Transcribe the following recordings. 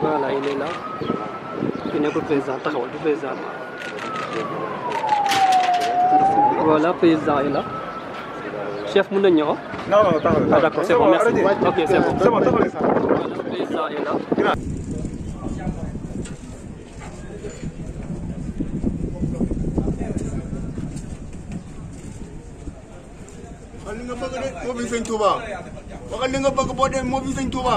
voilà il est là ki nekkul président taxawal du président bi voilà président yi la chef mën nañu ñëw. non non taxawal ah d'accord c'est bon merci ok c'est bon. président yi la. moo fi sëñ Touba waxal li nga bëgg boo demee moo fi sëñ Touba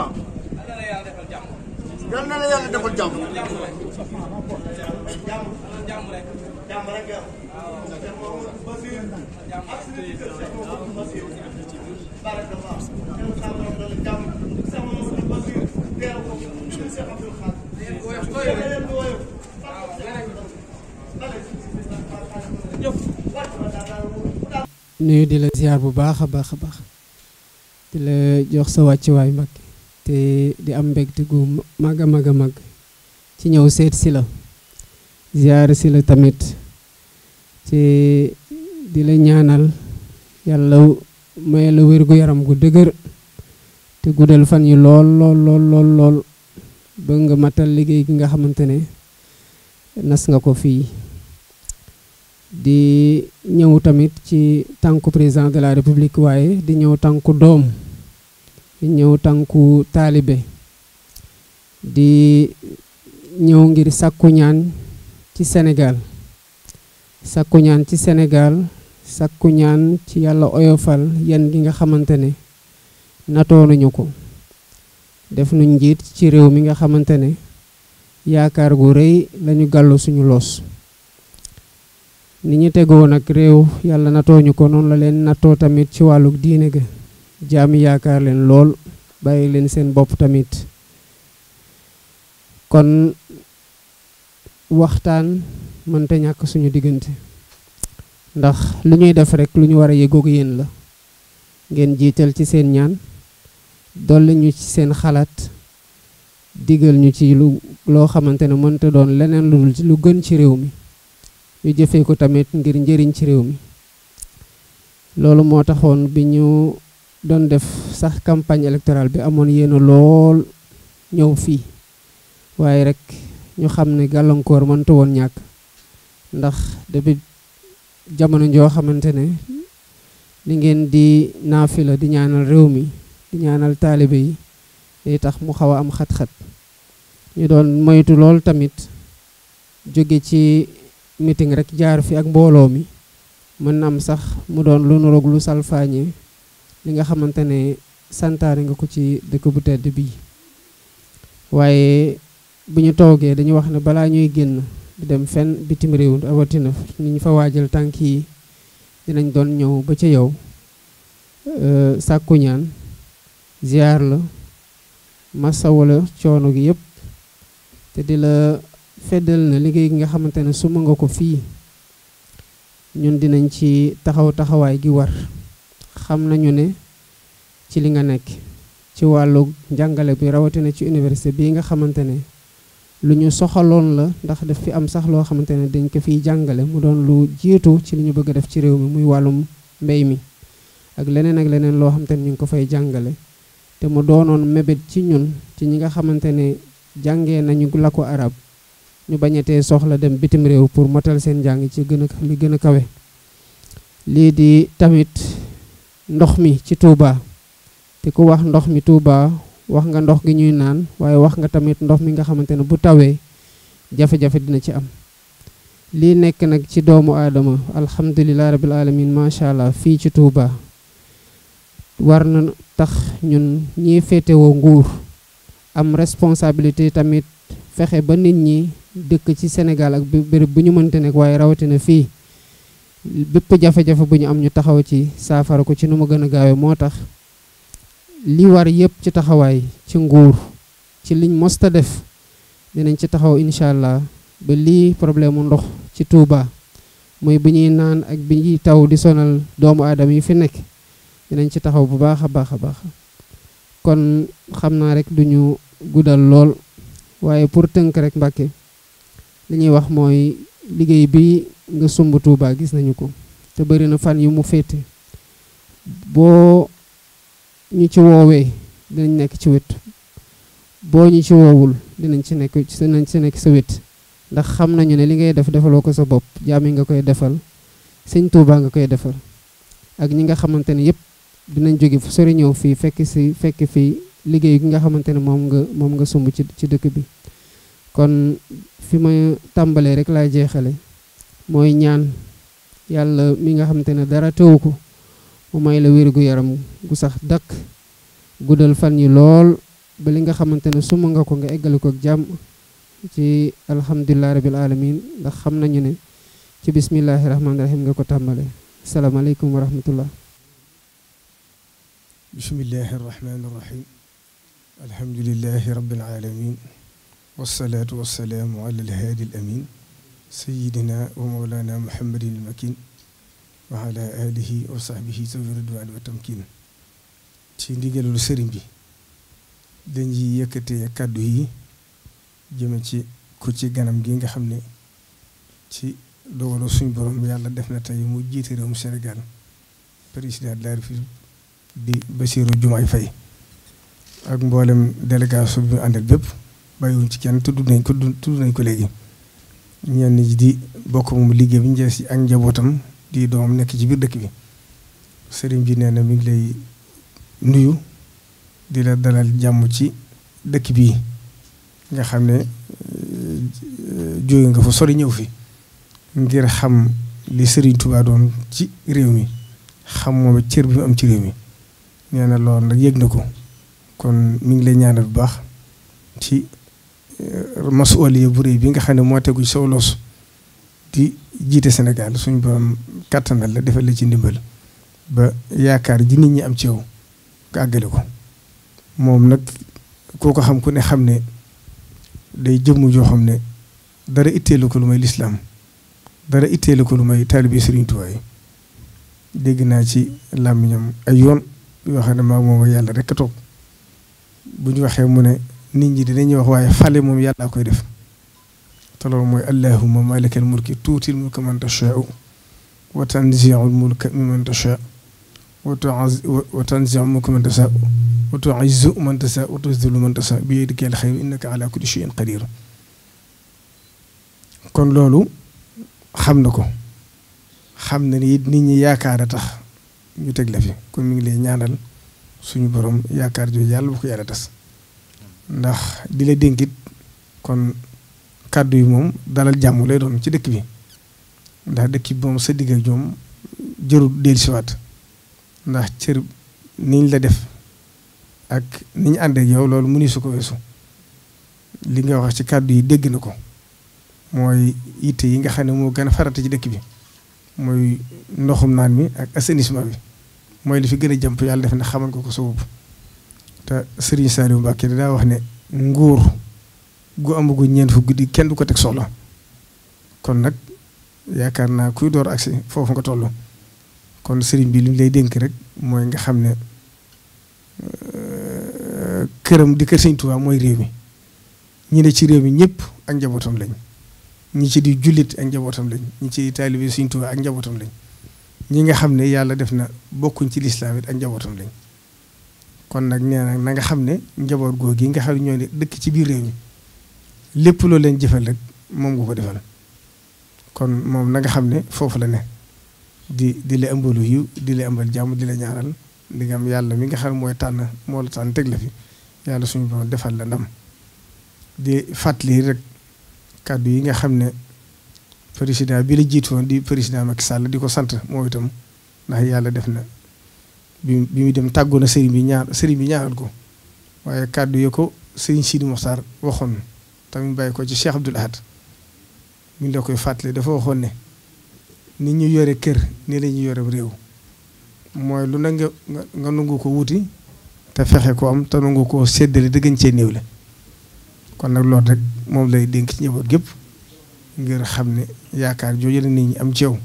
yal na la yàlla defal jàmm. jàmm nuyu di la ziar bu baax a baax a baax di la jox sa wàccuwaay mag te di am mbégte gu mag a mag a mag ci ñëw seet si la ziar si la tamit te di la ñaanal yàlla may la wér gu yaram gu dëgër te guddal fan yi lool lool lool lool lool nga matal liggéey gi nga xamante ne nas nga ko fii di ñëw tamit ci tànku président de la république waaye di ñëw tànku doom di ñëw tànku taalibe di ñëw ngir sàkku ñaan ci senegal sàkku ñaan ci Sénégal sàkku ñaan ci yàlla oyofal yenn gi nga xamante ne natoonuñu ko def nu njiit ci réew mi nga xamante ne yaakaar gu rëy lañu gàllu suñu loos ni ñu tegoon nag réew yàlla nattoo ñu ko noonu la leen nattoo tamit ci wàllu diine ga jaami yaakaar leen lool bàyyi leen seen bopp tamit kon waxtaan mënta ñàkk suñu diggante ndax lu ñuy def rekk lu ñu war a yëgoog yéen la ngeen jiital ci seen ñaan dolli ñu ci seen xalaat diggal ñu ci loo xamante ne mënta doon leneen lu dul lu gën ci réew mi ñu jëfee ko tamit ngir njëriñ ci réew mi loolu moo taxoon bi ñu doon def sax campagne électorale bi amoon yéena lool ñëw fii waaye rek ñu xam ne gàllankoor mënta woon ñàkk ndax depuis jamono joo xamante ne li ngeen di naafila di ñaanal réew mi di ñaanal taalibe yi day tax mu xaw a am xat-xat ñu doon moytu lool tamit jóge ci meeting rek jaar fi ak mbooloo mi mën na am sax mu doon lu nuroog lu salfaañe li nga xamante ne santaane nga ko ci dëkk bu tedd bii waaye bu ñu toogee dañu wax ne balaa ñuy génn di dem fenn bitim réew awatina ni ñu fa waajal tànk yi dinañ doon ñëw ba ca yow sàkku ñaan ziyaar la massa wala coono gi yëpp te di la feddal na liggéey gi nga xamante ne suma nga ko fii ñun dinañ ci taxaw taxawaay gi war xam nañu ne ci li nga nekk ci wàllu jàngale bi rawatina ci université bii nga xamante ne lu ñu soxaloon la ndax daf fi am sax loo xamante ne dañ ko fiy jàngale mu doon lu jiitu ci li ñu bëgg a def ci réew mi muy wàllum mbéy mi ak leneen ak leneen loo xamante ne ñu ngi ko fay jàngale te mu doonoon mébét ci ñun ci ñi nga xamante ne jàngee nañu la ko arab ñu bañatee soxla dem bitim réew pour motal seen njàng ci gën a li gën a kawe lii di tamit ndox mi ci Touba te ku wax ndox mi Touba wax nga ndox gi ñuy naan waaye wax nga tamit ndox mi nga xamante ne bu tawee jafe-jafe dina ci am lii nekk nag ci doomu aadama alhamdulilah rabil alamin macha allah fii ci Touba war na tax ñun ñii féetewoo nguur am responsabilité tamit fexe ba nit ñi dëkk ci Sénégal ak béréb bu ñu mënte nekk waaye rawatina fii bépp jafe-jafe bu ñu am ñu taxaw ci saafara ko ci nu mu gën a gaawee moo tax li war yëpp ci taxawaay ci nguur ci liñ mosta def dinañ ci taxaw incha allah ba lii problème mu ndox ci Touba mooy bi ñuy naan ak bi ñuy taw di sonal doomu aadama yi fi nekk dinañ ci taxaw bu baax a baax a baax kon xam naa rek duñu guddal lool waaye pour tënk rek Mbàkke li ñuy wax mooy liggéey bi nga sumb tuuba gis nañu ko te bëri na fan yu mu féete boo ñu ci woowee dinañ nekk ci wet boo ñu ci woowul dinañ ci nekk dinañ ci nekk sa wet ndax xam nañu ne li ngay def defaloo ko sa bopp jaami nga koy defal sëñ Touba nga koy defal ak ñi nga xamante ne yëpp dinañ jóge fu sori ñëw fii fekk si fekk fii liggéey gi nga xamante ne moom nga moom nga sumb ci ci dëkk bi kon fi ma tàmbalee rek laa jeexale mooy ñaan yàlla mi nga xam te ne dara teewu ko mu may la wér yaram gu sax dakk guddal fan yi lool ba li nga xamante ne suma nga ko nga eggale ko jàmm ci alhamdulilah rabil alamin ndax xam nañu ne ci bismillahi rahmaani rahim nga ko tàmbale salaamaaleykum wa rahmatullah bismillahi rahmaani rahim alhamdulilahi rabil alamin wasalaatu wasalaamu ala alhaadi al amin sayidina wa mawlana muhammadin al makin wa ala alihi wa sahbihi zawi ridwaan wa tamkin ci ndigalul sëriñ bi dañuy yëkkatee kàddu yi jëme ci ku ci ganam gi nga xam ne ci dogalu suñ borom yàlla def na tey mu jiite réewum Sénégal président de la République di Bassirou Diomaye Faye ak mboolem délégation bi mu àndal bépp bàyyiwuñ ci kenn tudd nañ ko tudd nañ ko léegi ñenn di bokk moom liggéey bi njëriñ si ak njabootam di doom nekk ci biir dëkk bi sëriñ bi nee na mi ngi lay nuyu di la dalal jàmm ci dëkk bii nga xam ne eh, jóge nga fa sori ñëw fi ngir xam li sëriñ Tuubaa doon ci réew mi xam moom cër bi mu am ci réew mi nee na loolu nag yëg na ko kon mi ngi lay ñaanal bu baax ci masuwaliya bu réy bi nga xam ne moo tegu sow loos di jiite Sénégal suñ borom kàttanal la defal la ci ndimbal ba yaakaar ji nit ñi am ci yow nga àggale ko moom nag koo ko xam ku ne xam ne day jëmm joo xam ne dara itteelu ko lu may lislaam dara itteelu ko lu may taalibi Sëriñ Tuubaa yi dégg naa ci làmmiñam ay yoon yoo xam ne maa moom yàlla rek a toog bu ñu waxee mu ne nit ñi dinañuy wax waaye fale moom yàllaa koy def te mooy allahumma malikal mulki tuutil mulka man tashaau wa tanziul mulka mimman tashaa wa tanziul mulka man tashaa wa tuizzu man tashaa wa tuzillu man tashaa bi yadikal xayru innaka ala kulli shay'in kon loolu xam na ko xam na ni nit ñi yaakaar a tax ñu teg la fi kon mi ngi lay ñaanal suñu borom yaakaar jooju yàlla bu ko yàlla tas ndax di la dénkit kon kàddu yi moom dalal jàmm lay doon ci dëkk bi ndax dëkk bi moom sa digg ak ñoom jërul dellusiwaat ndax cër niñ la def ak niñ àndeek yow loolu mu mënu su ko weesu li nga wax ci kàddu yi dégg na ko mooy yitte yi nga xam ne moo gën a farata ci dëkk bi mooy ndoxum naan mi ak assainissement bi mooy li fi gën a jëmp yàlla def na xamal ko ko sa bopp te Serigne Saliou Mbacké daa wax ne nguur gu amagu ñeent fu guddi kenn du ko teg soxla kon nag yaakaar naa kuy door agsi foofu nga toll kon Serigne bi li lay dénk rek mooy nga xam ne euh, këram di kër Serigne Touba mooy réew mi ñi ne ci réew mi ñëpp ak njabootam lañ ñi ci di jullit ak njabootam lañ ñi ci taalibe Serigne ak njabootam lañ ñi nga xam ne yàlla def na bokkuñ ci lislaam it ak njabootam lañ. kon nag nee na nga xam ne njaboot góor gi nga xam ñoo ne dëkk ci biir réew mi lépp loo leen jëfal rek moom nga ko defal kon moom na nga xam ne foofu la ne di di la ëmbalu yiw di la ëmbal jàmm di la ñaaral di am yàlla mi nga xam mooy tànn moo la tànn teg la fi yàlla suñu borom defal la ndam di fàttali rek kàddu yi nga xam ne président bi la jiitoon di président Macky sàll di ko sant moo itam ndax yàlla def na. bi bi muy dem tàggoona na sëriñ bi ñaan sëriñ ko waaye kàddu ya ko sëriñ Sidi Moxtaar waxoon tamit bàyyi ko ci Cheikh Abdoul Ahad mi la koy fàttali dafa waxoon ne nit ñu yore kër ni la ñu yore réew mooy lu na nga nga ko wuti te fexe ko am te nangu ko seddale dëggañ cee néew la kon nag loolu rek moom lay dénk ci ñëwoon gépp ngir xam ne yaakaar jooju la nit ñi am ci yow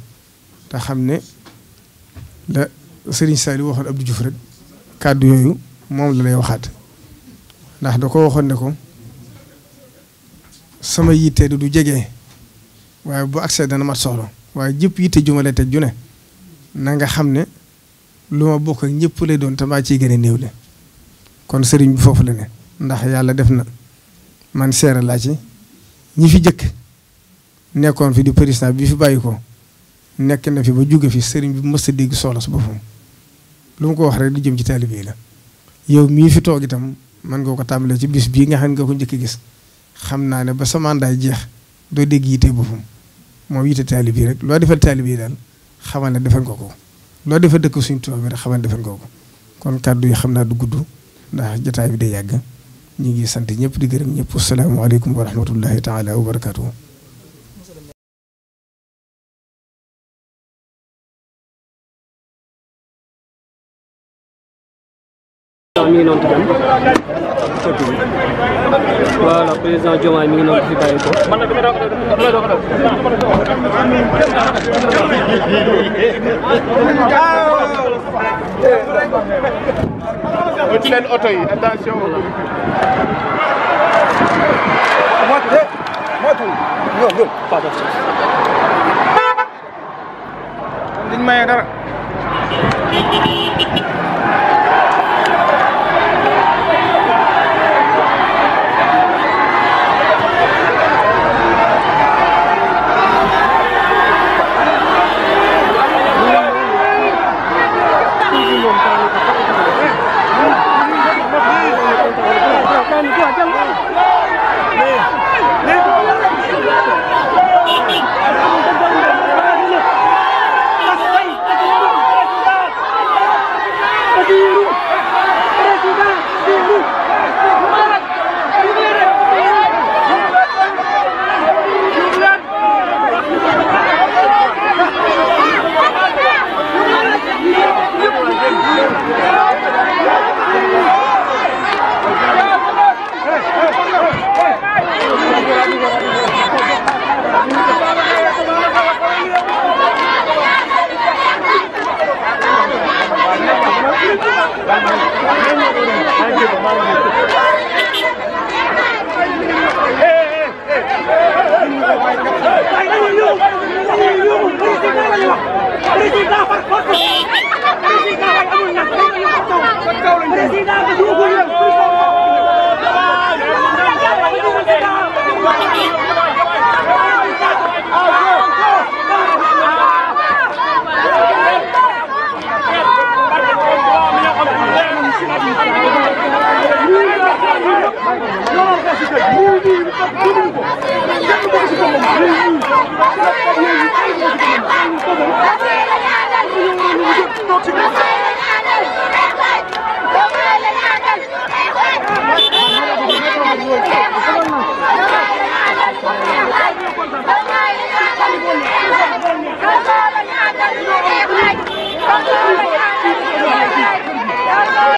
te xam ne Serigne Saliou waxoon du Diouf rek kàddu yooyu moom la lay waxaat ndax da ko waxoon ne ko sama yitte du jege waaye bu accès dana mat soxla waaye jëpp yitte jumale te june ne na nga xam ne lu ma bokk ak ñëpp doon te maa ciy gën a néew le kon sëriñ bi foofu la ne ndax yàlla def na man seere laa ci ñi fi jëkk nekkoon fi di président bi fi bàyyi ko nekk na fi ba jóge fi sëriñ bi mës a dégg soxla su boppam lu mu ko wax rek lu jëm ci taalibe yi la yow mii fi toog itam man nga ko tàmbalee ci bis bii nga xam nga ko njëkk gis xam naa ne ba sa mandat jeex doo dégg yite boppam moom yite taalibe yi rek loo defal taalibe yi daal xamal ne defal nga ko loo defal dëkk suñu tubaab bi rek xamal ne defal nga ko kon kàddu yi xam naa du gudd ndax jotaay bi day yàgg ñu ngi sant ñëpp di gërëm ñëpp asalaamaaleykum wa rahmatullahi taala wa barakaatu. président mi ngi noonu tamit photo bi voilà président Diomaye mi ngi noonu fi bàyyi ko wut leen oto yi attention duñ maye dara